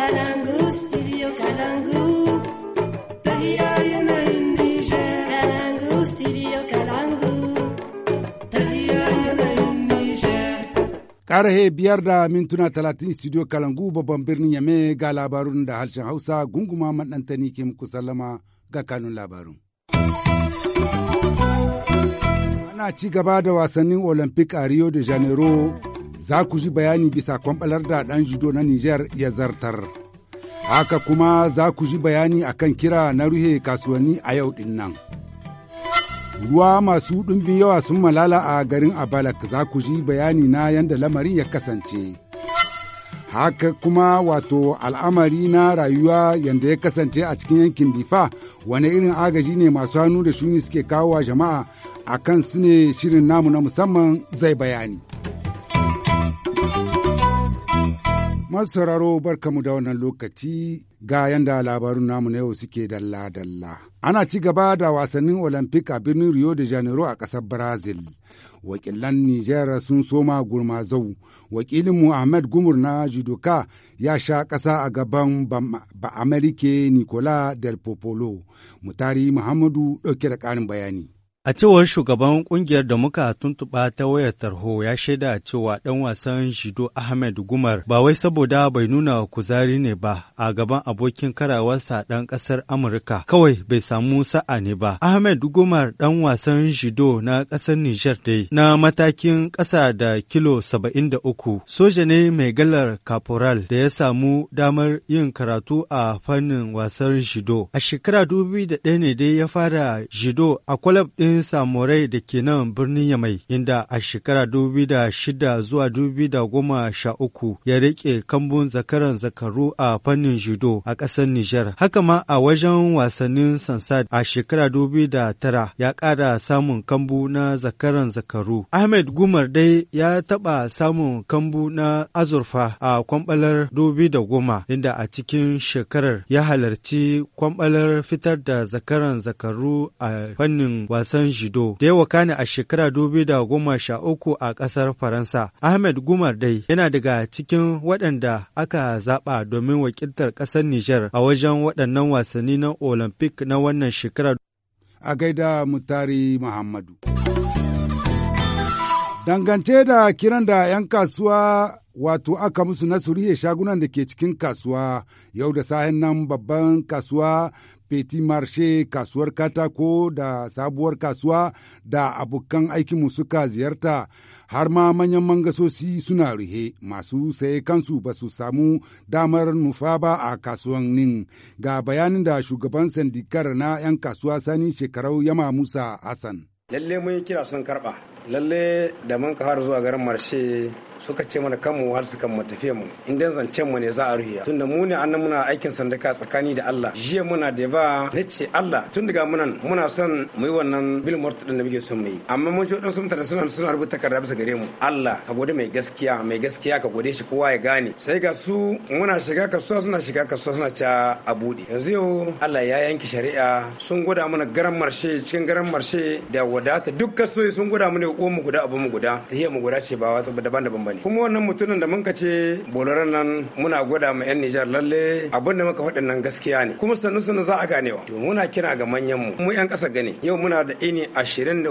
Kalangu, studio biyar da mintuna talatin studio Kalangu babban birnin Yame ga labarun da harshen Hausa gunguma maɗantani ke muku sallama ga kanun labarun. Ana ci gaba da wasannin Olympic a Rio de Janeiro za ku ji bayani bisa kwamɓalar da ɗan judo na Nijar ya zartar. Haka kuma za ku ji bayani akan kira na ruhe kasuwanni a yau ɗin nan. Ruwa masu ɗumbin yawa sun malala a garin Abalak za ku ji bayani na yadda lamarin ya kasance. Haka kuma wato al'amari na rayuwa yadda ya kasance a cikin yankin Difa wane irin agaji ne masu hannu da shuni suke kawo wa jama'a a kan su ne shirin namu na musamman zai bayani. Masu sauraro kamu da wannan lokaci ga yanda labarun namu na yau suke dalla-dalla. Ana ci gaba da wasannin olamfik a birnin Rio de Janeiro a ƙasar Brazil. Wakilan Nijar sun soma zau, Wakilin Muhammad Gumur na Judoka ya sha ƙasa a gaban ba Amerike Nicola Del Popolo. Mutari Muhammadu ɗauke da ƙarin bayani. A cewar shugaban kungiyar da muka tuntuɓa ta wayar tarho ya shaida cewa ɗan wasan Shido Ahmed Gumar ba wai saboda bai nuna kuzari ne ba a gaban abokin karawarsa ɗan ƙasar Amurka kawai bai samu sa'a ne ba. Ahmed Gumar ɗan wasan Shido na ƙasar Nijar dai na matakin ƙasa da kilo 73 soja ne mai galar caporal da ya samu damar yin karatu a fannin wasan Shido. A shekara 2001 ne dai ya fara Shido a kwalab ɗin garin Samurai da ke nan birnin Yamai, inda a shekara shida zuwa 2013 sha uku ya riƙe kambun zakaran zakaru a fannin judo a ƙasar Nijar. Haka ma a wajen wasannin Sansad a shekara tara ya ƙara samun kambu na zakaran zakaru. Ahmed Gumar dai ya taɓa samun kambu na azurfa a kwamɓalar 2010 inda a cikin shekarar ya halarci kwamɓalar fitar da zakaran zakaru a fannin wasan wasan Jido da ya ne a shekara dubu da goma sha uku a ƙasar Faransa. Ahmed Gumar dai yana daga cikin waɗanda aka zaɓa domin wakiltar ƙasar Nijar a wajen waɗannan wasanni na Olympic na wannan shekara. A gaida Mutari Muhammadu. Dangante da kiran da 'yan kasuwa wato aka musu na surihe shagunan da ke cikin kasuwa yau da sahen nan babban kasuwa Petit Marche kasuwar katako da sabuwar kasuwa da abokan aikinmu suka ziyarta har ma manyan mangasosi suna ruhe masu saye kansu ba su samu damar nufa ba a kasuwannin ga bayanin da shugaban sandikar na 'yan kasuwa sani shekarau yama musa hassan lalle mun yi kira sun karba lalle da mun har zuwa garin marshe suka ce mana kanmu har su kan mu tafiye mu inda zancen mu ne za a ruhiya tunda mu ne annan muna aikin sandaka tsakani da Allah jiya muna da ba na ce Allah tun daga munan muna son mu yi wannan bil mort din da muke son mu yi amma mun ji wadansu mutane suna suna rubuta karra bisa gare mu Allah ka gode mai gaskiya mai gaskiya ka gode shi kowa ya gane sai ga su muna shiga kasuwa suna shiga kasuwa suna ca a bude yanzu yau Allah ya yanki shari'a sun gwada mana garan marshe cikin garan marshe da wadata duk kasuwa sun gwada mana ko mu guda abu mu guda tahiyar mu guda ce ba wata daban-daban bane kuma wannan mutumin da mun ka ce boloran nan muna gwada ma yan Nijar lalle abin da muka faɗin nan gaskiya ne kuma sannu sannu za a ganewa to muna kira ga manyan mu mu yan ƙasa gane yau muna da ini 24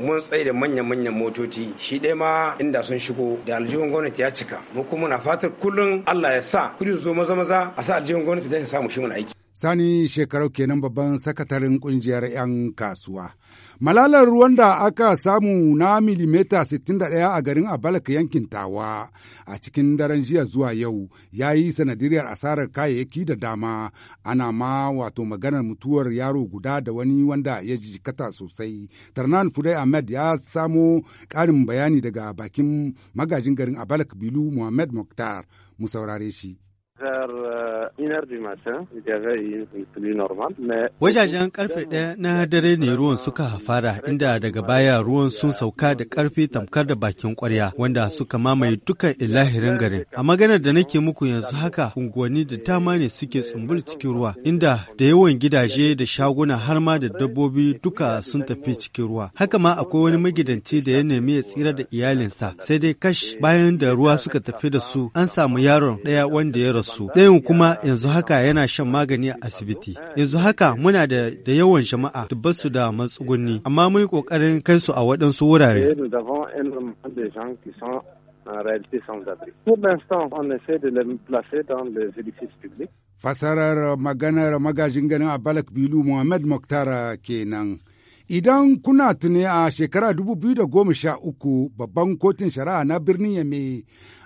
mun tsaye da manyan manyan motoci shi dai ma inda sun shigo da aljihun gwamnati ya cika mu kuma muna fatar kullum Allah ya sa kudi zo maza maza a sa aljihun gwamnati don ya samu shi mun aiki sani shekarau kenan babban sakataren kungiyar 'yan kasuwa Malalar ruwan da aka samu na milimeta 61 a garin Abalak yankin Tawa a cikin daren jiya zuwa yau ya yi sanadiriyar asarar kayayyaki da dama ana ma wato maganar mutuwar yaro guda da wani wanda ya jikata sosai. Tarnan Fudai Ahmed ya samo ƙarin bayani daga bakin magajin garin Abalak Bilu Muhammad Mokhtar mu saurare shi. Uh, Wajajen karfe ɗaya na dare ne ruwan suka fara inda daga baya ruwan sun sauka da karfi tamkar da bakin kwarya wanda suka mamaye dukkan ilahirin garin. A maganar da nake muku yanzu haka unguwanni da dama ne suke tsumbul cikin ruwa inda da yawan gidaje da shaguna har ma da dabbobi duka sun tafi cikin ruwa. Haka ma akwai wani magidanci da ya nemi ya tsira da iyalinsa sai dai kash bayan da ruwa suka tafi da su an samu yaron ɗaya wanda ya rasu. su ɗayan kuma yanzu haka yana shan magani a asibiti yanzu haka muna da da yawan jama'a dubbar su da matsugunni amma mun yi ƙoƙarin kai su a waɗansu wurare Fasarar maganar magajin ganin a Balak Bilu Muhammad muktara kenan. Idan kuna tuni a shekara 2013 babban kotun shari'a na birnin Yame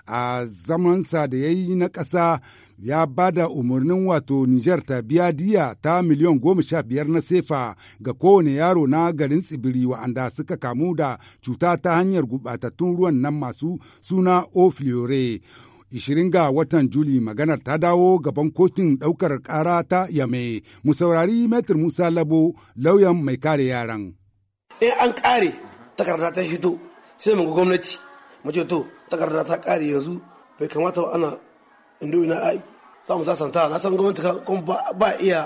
a zamansa da ya yi na ƙasa ya ba da umarnin wato Nijar ta biya diya ta miliyan goma sha biyar na sefa ga kowane yaro na garin tsibiri wa'anda suka kamu da cuta ta hanyar gubatattun ruwan nan masu suna ofliore. ishirin ga watan Juli maganar ta dawo gaban kotun ɗaukar ƙara ta Yame, mu saurari Metr Musa Labo lauyan mai kare yaran. In an kare takarda ta hito sai mu gwamnati mace to takarda ta kare yanzu bai kamata ba ana indo ina ai za mu zasanta na san gwamnati kan ba iya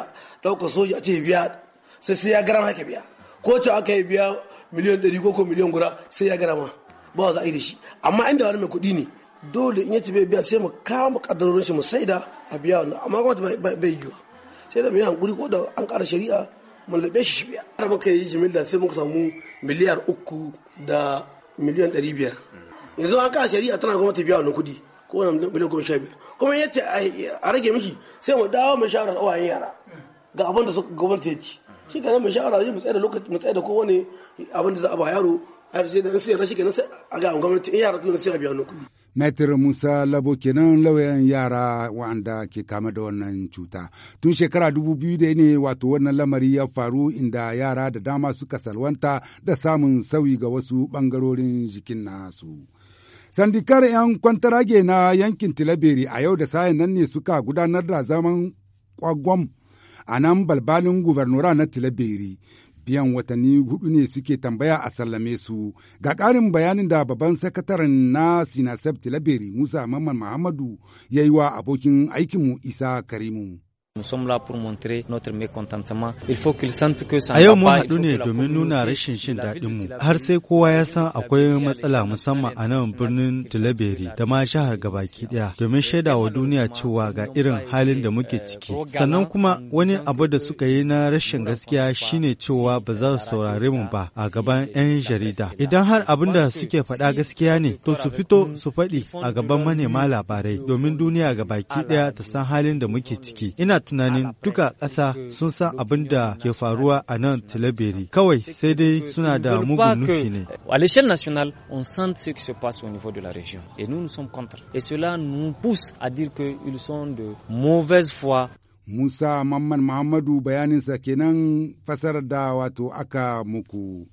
ɗaukar soja a ce biya sai sai ya gara ka biya ko ce aka yi biya miliyan ɗari ko ko miliyan guda sai ya gara ma ba za a yi da shi amma inda wani mai kuɗi ne dole in yace bai biya sai mu kama kadarorin shi mu saida a biya wannan amma gwamnati bai yi sai da mu yi hankuri ko da an kara shari'a mun laɓe shi biya har muka yi jimilla sai muka samu miliyar uku da miliyan ɗari biyar yanzu an kara shari'a tana gwamnati biya wani kudi ko wani miliyan goma sha biyar kuma ya ce a rage mishi sai mu dawo mai shawarar da yara ga abin da gwamnati ya ci shi ka mai shawarar zai mu da lokaci mu da kowane abin da za a ba yaro a yarje da sai rashi kenan a ga gwamnati in yara kuma sai a biya wani kudi. Maitar Musa Labo kenan lauyan yara wa'anda ke kama da wannan cuta. Tun shekara dubu biyu da ne wato wannan lamari ya faru inda yara da dama suka salwanta da samun sauyi ga wasu ɓangarorin jikin nasu. Sandikar 'yan kwantarage na yankin Tilaberi a yau da sayan nan ne suka gudanar da zaman kwagwam a nan balbalin gubernura na Tilaberi. Biyan watanni hudu ne suke tambaya a sallame su. Ga ƙarin bayanin da babban sakataren na Sinasef Tilaberi Musa Mamman Muhammadu ya yi wa abokin aikinmu Isa Karimu. A yau mun haɗu ne domin nuna rashin shin daɗinmu, har sai kowa ya san akwai matsala musamman a nan birnin Tulaberi da ma jihar gabaki ɗaya domin shaida wa duniya cewa ga irin halin da muke ciki. Sannan kuma wani abu da suka yi na rashin gaskiya shine cewa ba za su saurare mu ba a gaban 'yan jarida. Idan har abin da suke faɗa gaskiya ne, to su fito su faɗi a gaban manema labarai domin duniya gabaki ɗaya ta san halin da muke ciki. Ina tunanin duka ƙasa sun san abin ke faruwa a nan Kawai sai dai suna da mugun nufi ne. À l'échelle nationale, on sent ce qui se passe au niveau de la région. Et nous, nous sommes contre. Et cela nous pousse à dire qu'ils sont de mauvaise foi. Musa Mamman Muhammadu bayaninsa kenan fasarar da wato aka muku.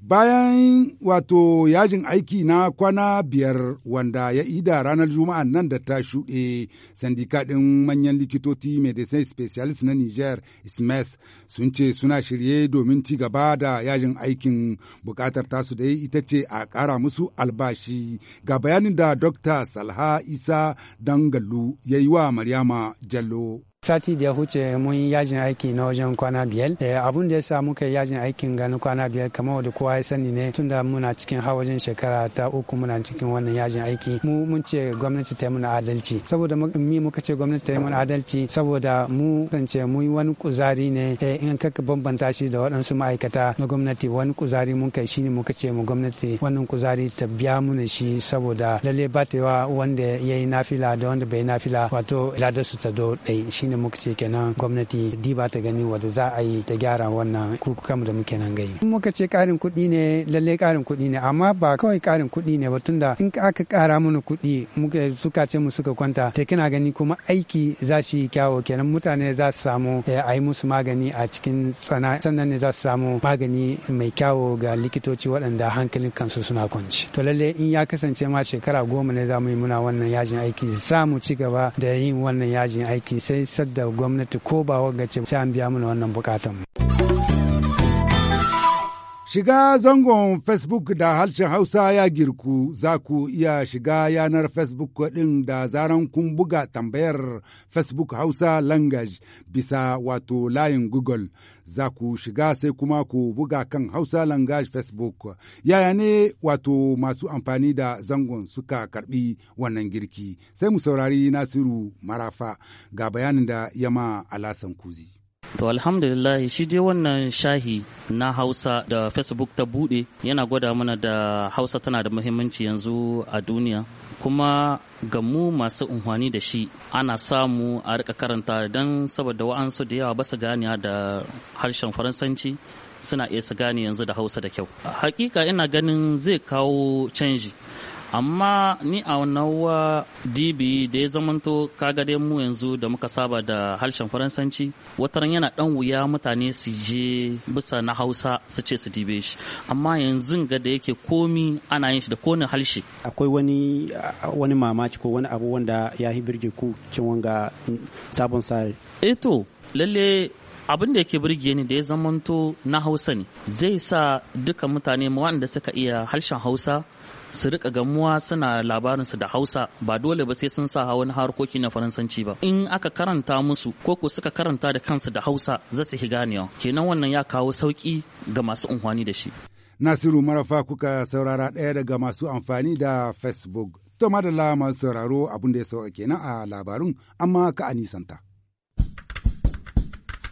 bayan wato yajin aiki na kwana biyar wanda ya ida ranar juma'a nan da ta shuɗe sandika manyan likitoci medecin specialist na niger smith sun ce suna shirye domin ci gaba da yajin aikin bukatar tasu da ita ce a ƙara musu albashi ga bayanin da dr salha isa dangalu ya yi wa maryama jallo sati da ya huce mun yajin aiki na wajen kwana biyar eh, abun da ya sa muka yajin aikin ganin kwana biyar kamar da kowa ya sani ne tun da muna cikin hawajin shekara ta uku muna cikin wannan yajin aiki mu mun ce gwamnati ta yi mana adalci saboda mi muka ce gwamnati ta yi mana adalci saboda mu ce mu yi wani kuzari ne eh, in ka bambanta shi da waɗansu ma'aikata na gwamnati wani kuzari mun kai ne muka ce mu gwamnati wannan kuzari ta biya mana shi saboda lalle ba ta wanda ya yi nafila da wanda bai nafila wato ladarsu ta do ɗai shine da muka ce kenan gwamnati diba ta gani wadda za a yi ta gyara wannan kukukan da muke nan gai muka ce karin kuɗi ne lalle karin kuɗi ne amma ba kawai karin kuɗi ne ba tunda in aka kara mana kuɗi muka suka ce mu suka kwanta ta kina gani kuma aiki za shi kyawo kenan mutane za su samu eh, a yi musu magani a cikin tsana sannan ne za su samu magani mai kyawo ga likitoci waɗanda hankalin kansu suna kwanci to lalle in ya kasance ma shekara goma ne za mu yi muna wannan yajin aiki za mu ci gaba da yin wannan yajin aiki sai da gwamnati ko ba wagace ce sai an biya mana wannan bukatan Shiga zangon Facebook da harshen Hausa ya girku za ku iya shiga yanar Facebook ɗin da zaran kun buga tambayar Facebook Hausa Language bisa wato layin Google. Za ku shiga sai kuma ku buga kan Hausa Language Facebook. Yaya ne wato masu amfani da zangon suka karbi wannan girki? Sai mu saurari Nasiru Marafa ga bayanin da yama Alasan Kuzi. To alhamdulillah shi dai wannan shahi na Hausa da Facebook ta bude yana gwada mana da Hausa tana da muhimmanci yanzu a duniya. Kuma ga mu masu unhwani da shi ana samu a rika karanta don saboda wa'ansu da yawa ba su gani da harshen Faransanci suna iya su gane yanzu da Hausa da kyau. Hakika ina ganin zai kawo canji amma ni a nawa dibi da ya zamanto kaga dai mu yanzu da muka saba da harshen faransanci wataran yana dan wuya mutane su je bisa na hausa su ce su dibe shi amma yanzu ga da yake komi ana yin shi da kone harshe akwai wani wani mamaci ko wani abu wanda ya hi birge ku cin wanga sabon sare eto eh lalle abin da yake birge ni da ya zamanto na hausa ne zai sa duka mutane waɗanda suka iya harshen hausa su rika gamuwa suna labarinsu da hausa ba dole ba sai sun sa wani harkoki na faransanci ba in aka karanta musu ko ko suka karanta da kansu da hausa za su hi ganewa kenan wannan ya kawo sauki ga masu unhwani da shi nasiru marafa kuka saurara ɗaya daga masu amfani da facebook to madalla masu sauraro abin da ya sauka kenan a labarun amma ka anisanta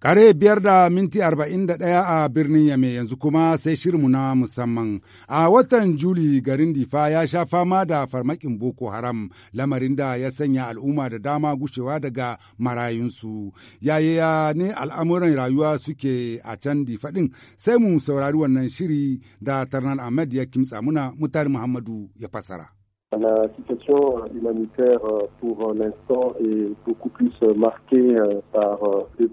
Kare biyar da minti arba'in da ɗaya a birnin Yame yanzu kuma sai shirmu na musamman. A watan Juli garin Difa ya sha fama da farmakin Boko Haram lamarin da ya sanya al'umma da dama gushewa daga marayunsu. Yaya ne al'amuran rayuwa suke a can Difa ɗin sai mu saurari wannan shiri da Tarnan Ahmed ya kimtsa muna mutar Muhammadu ya fasara. La situation humanitaire euh, pour l'instant est beaucoup plus euh, marquée euh, par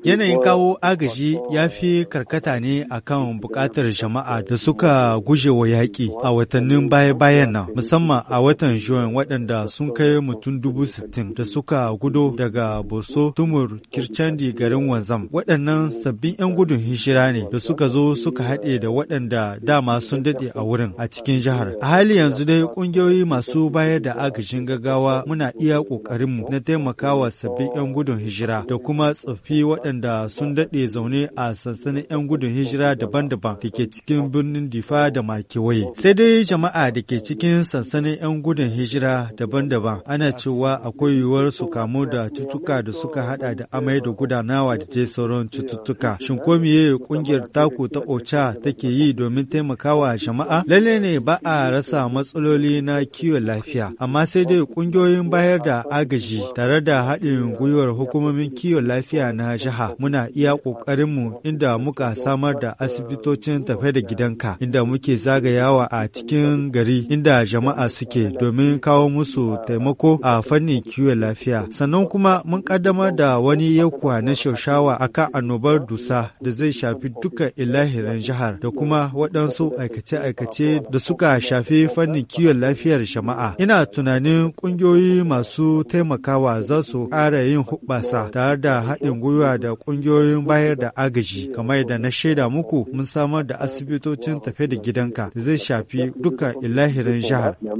Yanayin kawo agaji ya fi karkata ne akan bukatar jama'a da suka guje wa yaƙi a watannin baya-bayan nan, musamman a watan Juin waɗanda sun kai mutum dubu sittin da suka gudo daga Boso, Tumur, Kirchandi garin Wanzam. Waɗannan sabbin 'yan gudun hijira ne da suka zo suka haɗe da waɗanda dama sun daɗe a wurin a cikin jihar. A hali yanzu dai ƙungiyoyi masu masu bayar da agajin gaggawa muna iya ƙoƙarinmu na taimakawa sabbin 'yan gudun hijira da kuma tsoffi waɗanda sun daɗe zaune a sansanin 'yan gudun hijira daban-daban da ke cikin birnin Difa da Makewaye. Sai dai jama'a da ke cikin sansanin 'yan gudun hijira daban-daban ana cewa akwai yiwuwar su kamu da cutuka da suka haɗa da amai da gudanawa da dai sauran cututtuka. Shin ko miye kungiyar taku ta OCHA take yi domin taimakawa jama'a? Lalle ne ba a rasa matsaloli na kiwon lafiya. lafiya. Amma sai dai ƙungiyoyin bayar da agaji tare da haɗin gwiwar hukumomin kiwon lafiya na jiha muna iya ƙoƙarinmu inda muka samar da asibitocin tafe da gidanka inda muke zagayawa a cikin gari inda jama'a suke domin kawo musu taimako a fannin kiwon lafiya. Sannan kuma mun ƙaddamar da wani yakuwa na shaushawa akan annobar dusa da zai shafi duka ilahirin jihar da kuma waɗansu aikace-aikace da suka shafi fannin kiwon lafiyar jama'a. Ina tunanin ƙungiyoyi masu taimakawa za su ƙara yin hubbasa tare da haɗin gwiwa da ƙungiyoyin bayar da agaji. Kamar da na shaida muku mun samar da asibitocin tafe da gidanka da zai shafi dukkan ilahirin jihar. Euh,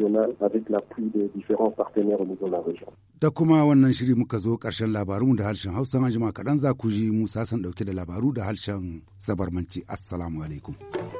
euh, da kuma wannan shiri muka zo karshen labarun da harshen Hausa an jima kaɗan za ku ji Musa san ɗauke da da labaru da harshen zabarmanci assalamu alaikum